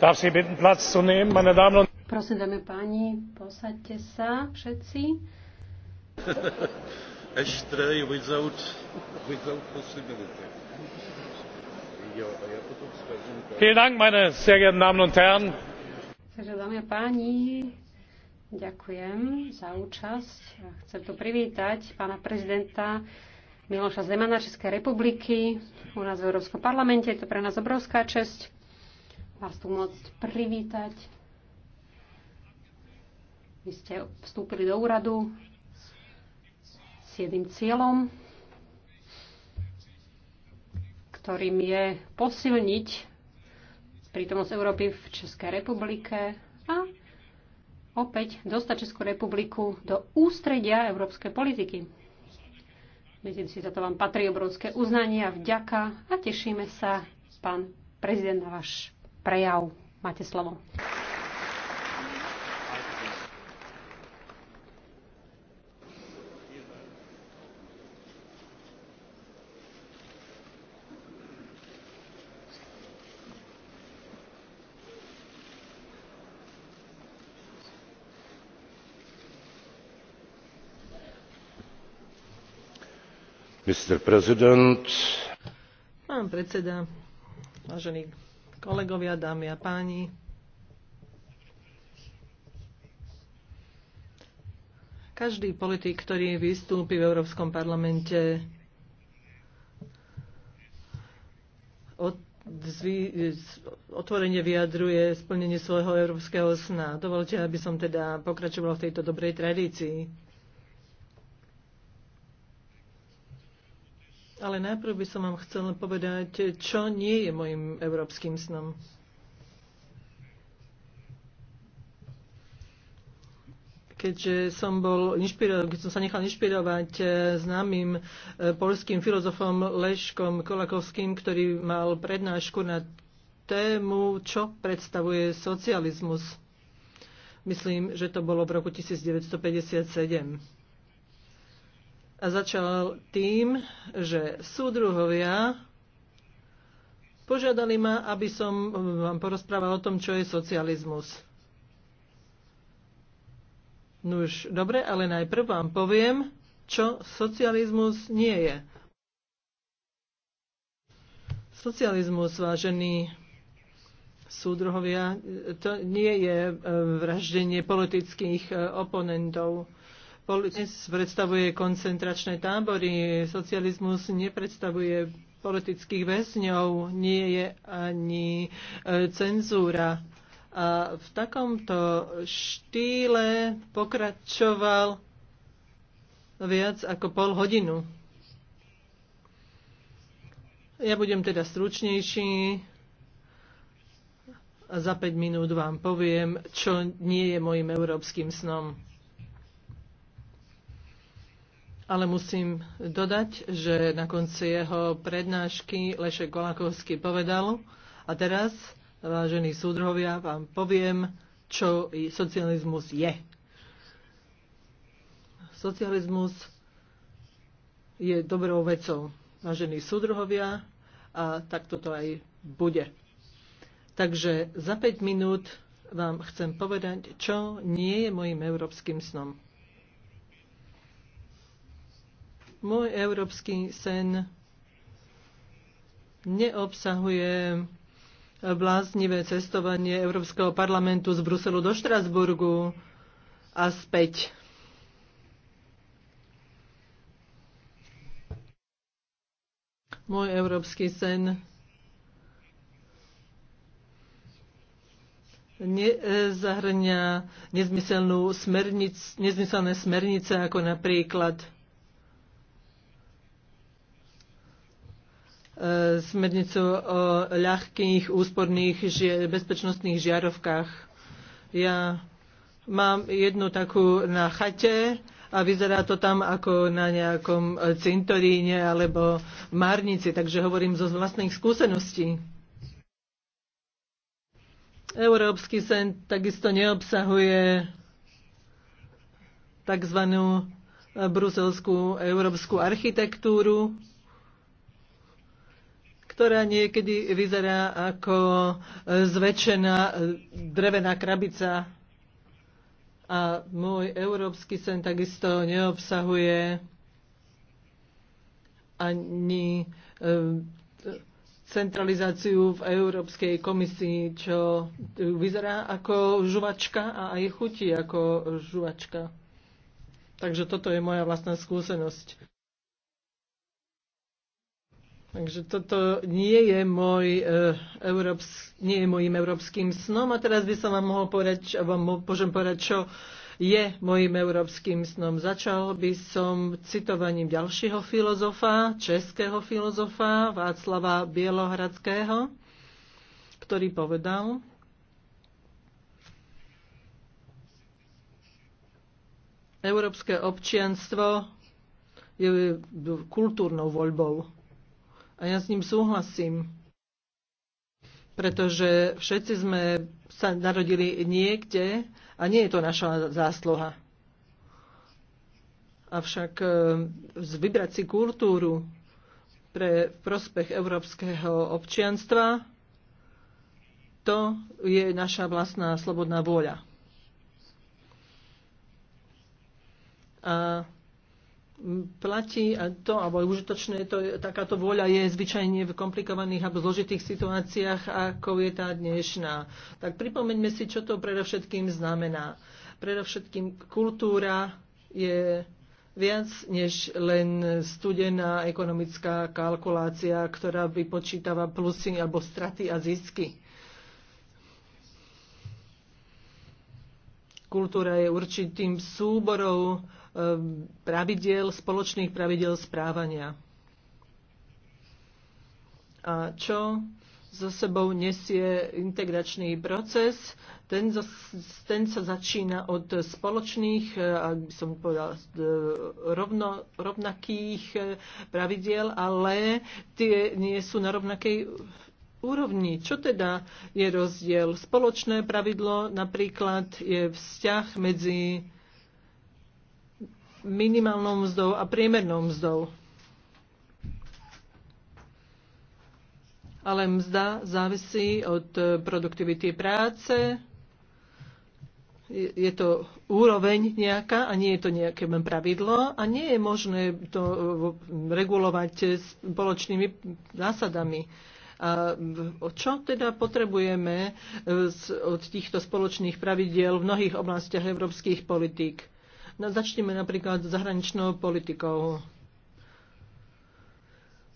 Darf Sie bitten, Platz zu nehmen, meine Damen und Prosím, dámy páni, posaďte sa všetci. Ashtray without, without possibility. Vielen Dank, meine sehr geehrten Damen und Herren. Takže, dámy a páni, ďakujem za účasť. Chcem tu privítať pána prezidenta Miloša Zemana Českej republiky u nás v Európskom parlamente. Je to pre nás obrovská česť vás tu môcť privítať. Vy ste vstúpili do úradu s jedným cieľom, ktorým je posilniť prítomnosť Európy v Českej republike a opäť dostať Českú republiku do ústredia európskej politiky. Myslím si, za to vám patrí obrovské uznanie a vďaka a tešíme sa, pán prezident, na váš prejav. Máte slovo. pán predseda vážení Kolegovia, dámy a páni, každý politik, ktorý vystúpi v Európskom parlamente, otvorene vyjadruje splnenie svojho európskeho sna. Dovolte, aby som teda pokračoval v tejto dobrej tradícii. Ale najprv by som vám chcela povedať, čo nie je môjim európskym snom. keďže som bol keď som sa nechal inšpirovať eh, známym eh, polským filozofom Leškom Kolakovským, ktorý mal prednášku na tému, čo predstavuje socializmus. Myslím, že to bolo v roku 1957 a začal tým, že súdruhovia požiadali ma, aby som vám porozprával o tom, čo je socializmus. Nuž, dobre, ale najprv vám poviem, čo socializmus nie je. Socializmus, vážení súdruhovia, to nie je eh, vraždenie politických eh, oponentov dnes predstavuje koncentračné tábory, socializmus nepredstavuje politických väzňov, nie je ani e, cenzúra. A v takomto štýle pokračoval viac ako pol hodinu. Ja budem teda stručnejší a za 5 minút vám poviem, čo nie je môjim európskym snom ale musím dodať, že na konci jeho prednášky Lešek Kolakovský povedal, a teraz, vážení súdrovia, vám poviem, čo socializmus je. Socializmus je dobrou vecou, vážení súdruhovia, a tak toto aj bude. Takže za 5 minút vám chcem povedať, čo nie je mojim európskym snom. Môj európsky sen neobsahuje bláznivé cestovanie Európskeho parlamentu z Bruselu do Štrasburgu a späť. Môj európsky sen nezahrňa nezmyselnú smernic, nezmyselné smernice, ako napríklad E, smernicu o ľahkých, úsporných, žie, bezpečnostných žiarovkách. Ja mám jednu takú na chate a vyzerá to tam ako na nejakom cintoríne alebo márnici, takže hovorím zo vlastných skúseností. Európsky sen takisto neobsahuje tzv. bruselskú európsku architektúru, ktorá niekedy vyzerá ako e, zväčšená e, drevená krabica. A môj európsky sen takisto neobsahuje ani e, centralizáciu v Európskej komisii, čo vyzerá ako žuvačka a aj chutí ako žuvačka. Takže toto je moja vlastná skúsenosť. Takže toto nie je, môj, e, európs, nie je môjim európskym snom a teraz by som vám mohol povedať, vám môžem povedať, čo je môjim európskym snom. Začal by som citovaním ďalšieho filozofa, českého filozofa Václava Bielohradského, ktorý povedal, Európske občianstvo je kultúrnou voľbou a ja s ním súhlasím, pretože všetci sme sa narodili niekde a nie je to naša zásluha. Avšak e, vybrať si kultúru pre prospech európskeho občianstva, to je naša vlastná slobodná vôľa. A platí to, alebo užitočné, to, takáto vôľa je zvyčajne v komplikovaných alebo zložitých situáciách, ako je tá dnešná. Tak pripomeňme si, čo to predovšetkým znamená. Predovšetkým kultúra je viac než len studená ekonomická kalkulácia, ktorá vypočítava plusy alebo straty a zisky. Kultúra je určitým súborom Eh, pravidel, spoločných pravidel správania. A čo za sebou nesie integračný proces. Ten, ten sa začína od spoločných, eh, by som povedala, eh, rovno, rovnakých pravidiel, ale tie nie sú na rovnakej úrovni. Čo teda je rozdiel? Spoločné pravidlo napríklad je vzťah medzi minimálnou mzdou a priemernou mzdou. Ale mzda závisí od e, produktivity práce, je to úroveň nejaká a nie je to nejaké len pravidlo a nie je možné to e, regulovať e, spoločnými zásadami. A čo teda potrebujeme od týchto spoločných pravidiel v mnohých oblastiach európskych politík? No, začneme napríklad zahraničnou politikou.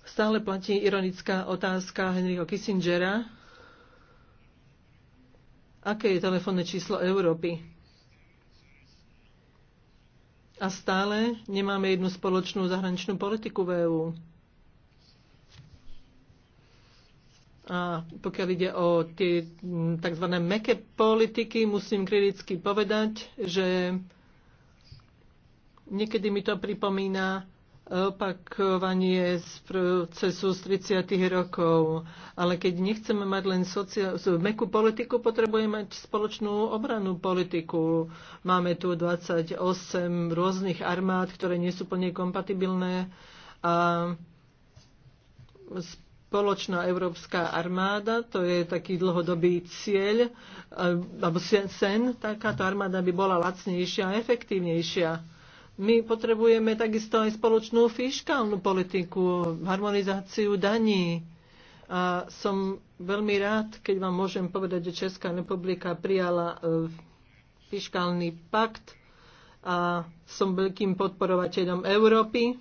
Stále platí ironická otázka Henryho Kissingera. Aké je telefónne číslo Európy? A stále nemáme jednu spoločnú zahraničnú politiku v EÚ. A pokiaľ ide o tie hm, tzv. meké politiky, musím kriticky povedať, že Niekedy mi to pripomína e, opakovanie z procesu z 30. rokov. Ale keď nechceme mať len sociál... mekú politiku, potrebujeme mať spoločnú obranú politiku. Máme tu 28 rôznych armád, ktoré nie sú plne kompatibilné a spoločná európska armáda, to je taký dlhodobý cieľ, e, alebo sen, takáto armáda by bola lacnejšia a efektívnejšia my potrebujeme takisto aj spoločnú fiskálnu politiku, harmonizáciu daní. A som veľmi rád, keď vám môžem povedať, že Česká republika prijala e, fiskálny pakt a som veľkým podporovateľom Európy.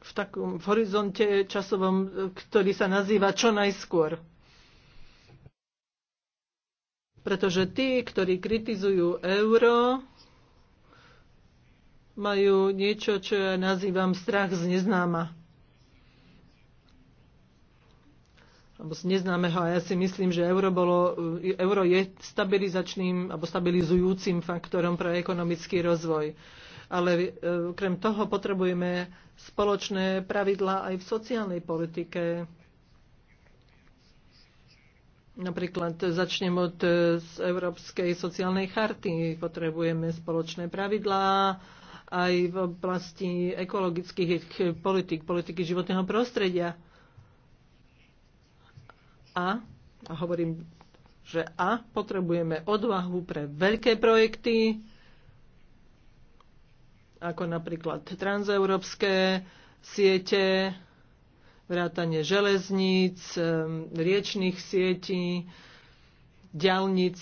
V takom v horizonte časovom, e, ktorý sa nazýva čo najskôr pretože tí, ktorí kritizujú euro, majú niečo, čo ja nazývam strach z neznáma. alebo z neznámeho. A ja si myslím, že euro, bolo, euro je stabilizačným alebo stabilizujúcim faktorom pre ekonomický rozvoj. Ale e, okrem toho potrebujeme spoločné pravidlá aj v sociálnej politike. Napríklad začnem od e, z Európskej sociálnej charty. Potrebujeme spoločné pravidlá aj v oblasti ekologických politik, politiky životného prostredia. A, a hovorím, že a potrebujeme odvahu pre veľké projekty, ako napríklad transeurópske siete, vrátanie železníc, riečných sietí, ďalnic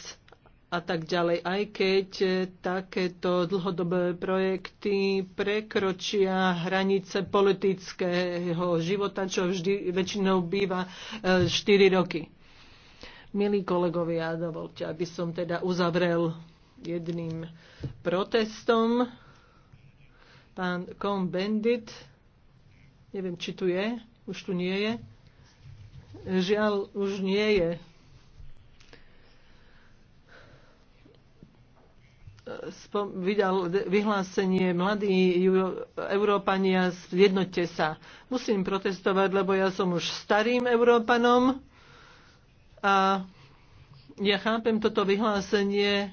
a tak ďalej. Aj keď e, takéto dlhodobé projekty prekročia hranice politického života, čo vždy väčšinou býva 4 e, roky. Milí kolegovia, dovolte, aby som teda uzavrel jedným protestom. Pán Kom Bendit, neviem, či tu je už tu nie je. Žiaľ, už nie je. vydal vyhlásenie Mladí Európania, jednote sa. Musím protestovať, lebo ja som už starým Európanom a ja chápem toto vyhlásenie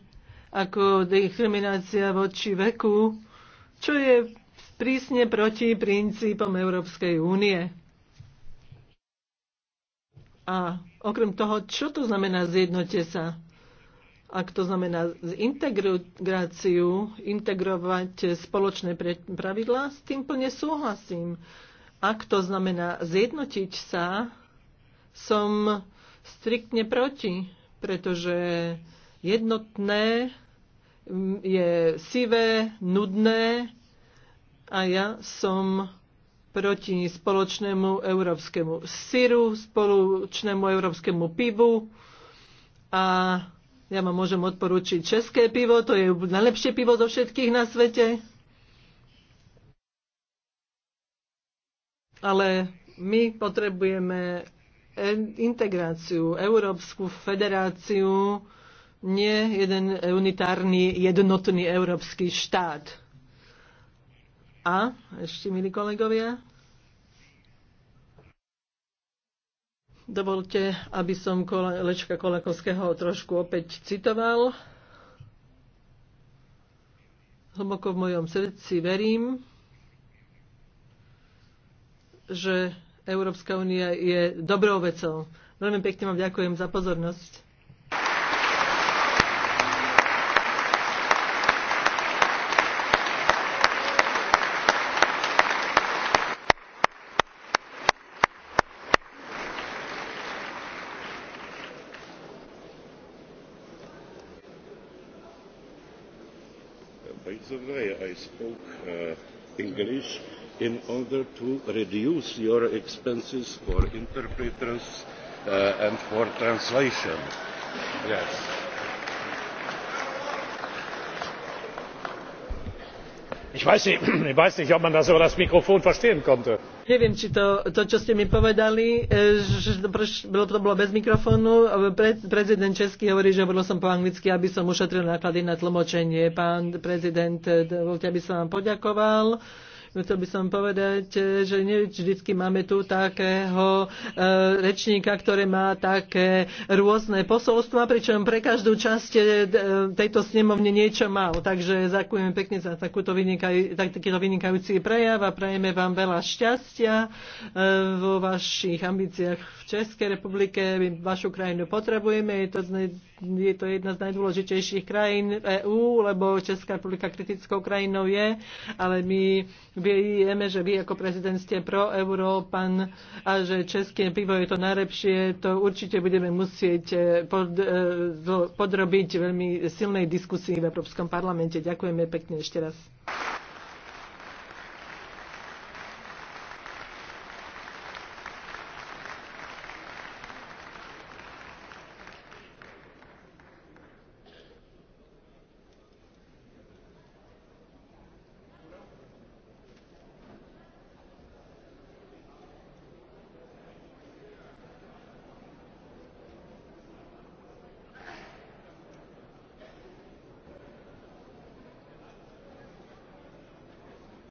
ako diskriminácia voči veku, čo je prísne proti princípom Európskej únie. A okrem toho, čo to znamená zjednote sa? Ak to znamená integráciu, integrovať spoločné pravidlá, s tým plne súhlasím. Ak to znamená zjednotiť sa, som striktne proti, pretože jednotné je sivé, nudné a ja som proti spoločnému európskemu syru, spoločnému európskemu pivu a ja vám môžem odporúčiť české pivo, to je najlepšie pivo zo všetkých na svete. Ale my potrebujeme integráciu, Európsku federáciu, nie jeden unitárny, jednotný európsky štát. A ešte, milí kolegovia, dovolte, aby som Lečka Kolakovského trošku opäť citoval. Hlboko v mojom srdci verím, že Európska únia je dobrou vecou. Veľmi pekne vám ďakujem za pozornosť. By the way, I spoke uh, English in order to reduce your expenses for interpreters uh, and for translation. Yes. neviem či to, čo ste mi povedali e, že to bolo bez mikrofónu e, prezident český hovorí že hovoril som po anglicky aby som ušetril náklady na tlmočenie. pán prezident e, dovoľte aby som vám poďakoval Chcel by som povedať, že nie vždycky máme tu takého e, rečníka, ktorý má také rôzne posolstva, pričom pre každú časť e, tejto snemovne niečo mal. Takže ďakujem pekne za takúto vynikaj, takýto vynikajúci prejav a prajeme vám veľa šťastia e, vo vašich ambíciách v Českej republike. My vašu krajinu potrebujeme. Je to, je to jedna z najdôležitejších krajín EÚ, lebo Česká republika kritickou krajinou je, ale my vieme, že vy ako prezident ste pro Európan a že české pivo je to najlepšie, to určite budeme musieť eh, pod, eh, podrobiť veľmi silnej diskusii v Európskom parlamente. Ďakujeme pekne ešte raz.